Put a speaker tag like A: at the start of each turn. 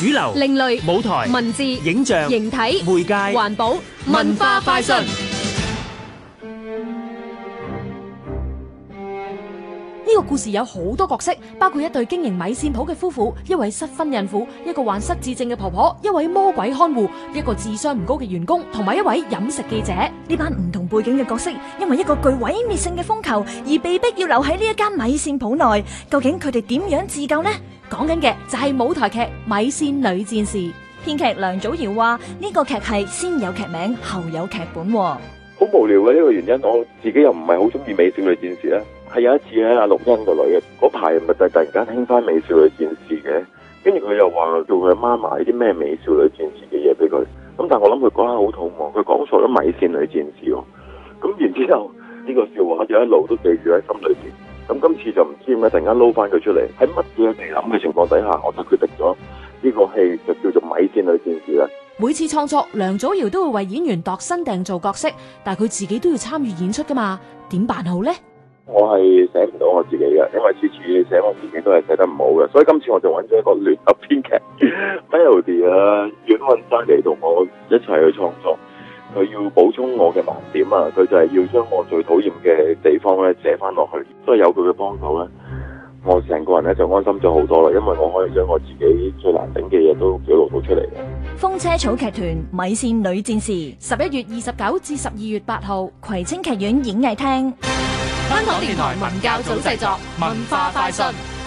A: 主流、另類舞台、文字、影像、形體、媒介、環保、文化快訊。呢個故事有好多角色，包括一對經營米線鋪嘅夫婦，一位失婚孕婦，一個患失智症嘅婆婆，一位魔鬼看護，一個智商唔高嘅員工，同埋一位飲食記者。呢班唔同背景嘅角色，因為一個具毀滅性嘅風球而被迫要留喺呢一間米線鋪內。究竟佢哋點樣自救呢？講緊嘅就係舞台劇《米線女戰士》，編劇梁祖堯話呢個劇係先有劇名後有劇本，好
B: 無聊嘅呢個原因，我自己又唔係好中意《美少女戰士》咧。係有一次喺阿陸茵個女，嗰排唔係突然間興返《美少女戰士》嘅，跟住佢又話叫佢阿媽買啲咩《美少女戰士》嘅嘢俾佢。咁但係我諗佢嗰刻好肚餓，佢講錯咗《米線女戰士》咯。咁然之後呢個笑話就一路都記住喺心裏邊。點解突然間撈翻佢出嚟，喺乜嘢未諗嘅情況底下，我就決定咗呢個戲就叫做《米戰女戰士》啦。
A: 每次創作，梁祖堯都會為演員度身訂做角色，但係佢自己都要參與演出噶嘛？點辦好咧？
B: 我係寫唔到我自己嘅，因為次次寫我自己都係寫得唔好嘅，所以今次我就揾咗一個聯合編劇 b e l l i e 啊，約翰生嚟同我一齊去創作。佢要補充我嘅盲點啊，佢就係要將我最討厭嘅地方咧寫翻落去，所以有佢嘅幫手咧。我成個人咧就安心咗好多啦，因為我可以將我自己最難頂嘅嘢都表露到出嚟嘅。
A: 風車草劇團《米線女戰士》，十一月二十九至十二月八號，葵青劇院演藝廳。香港電台文教組製作，作，文化快訊。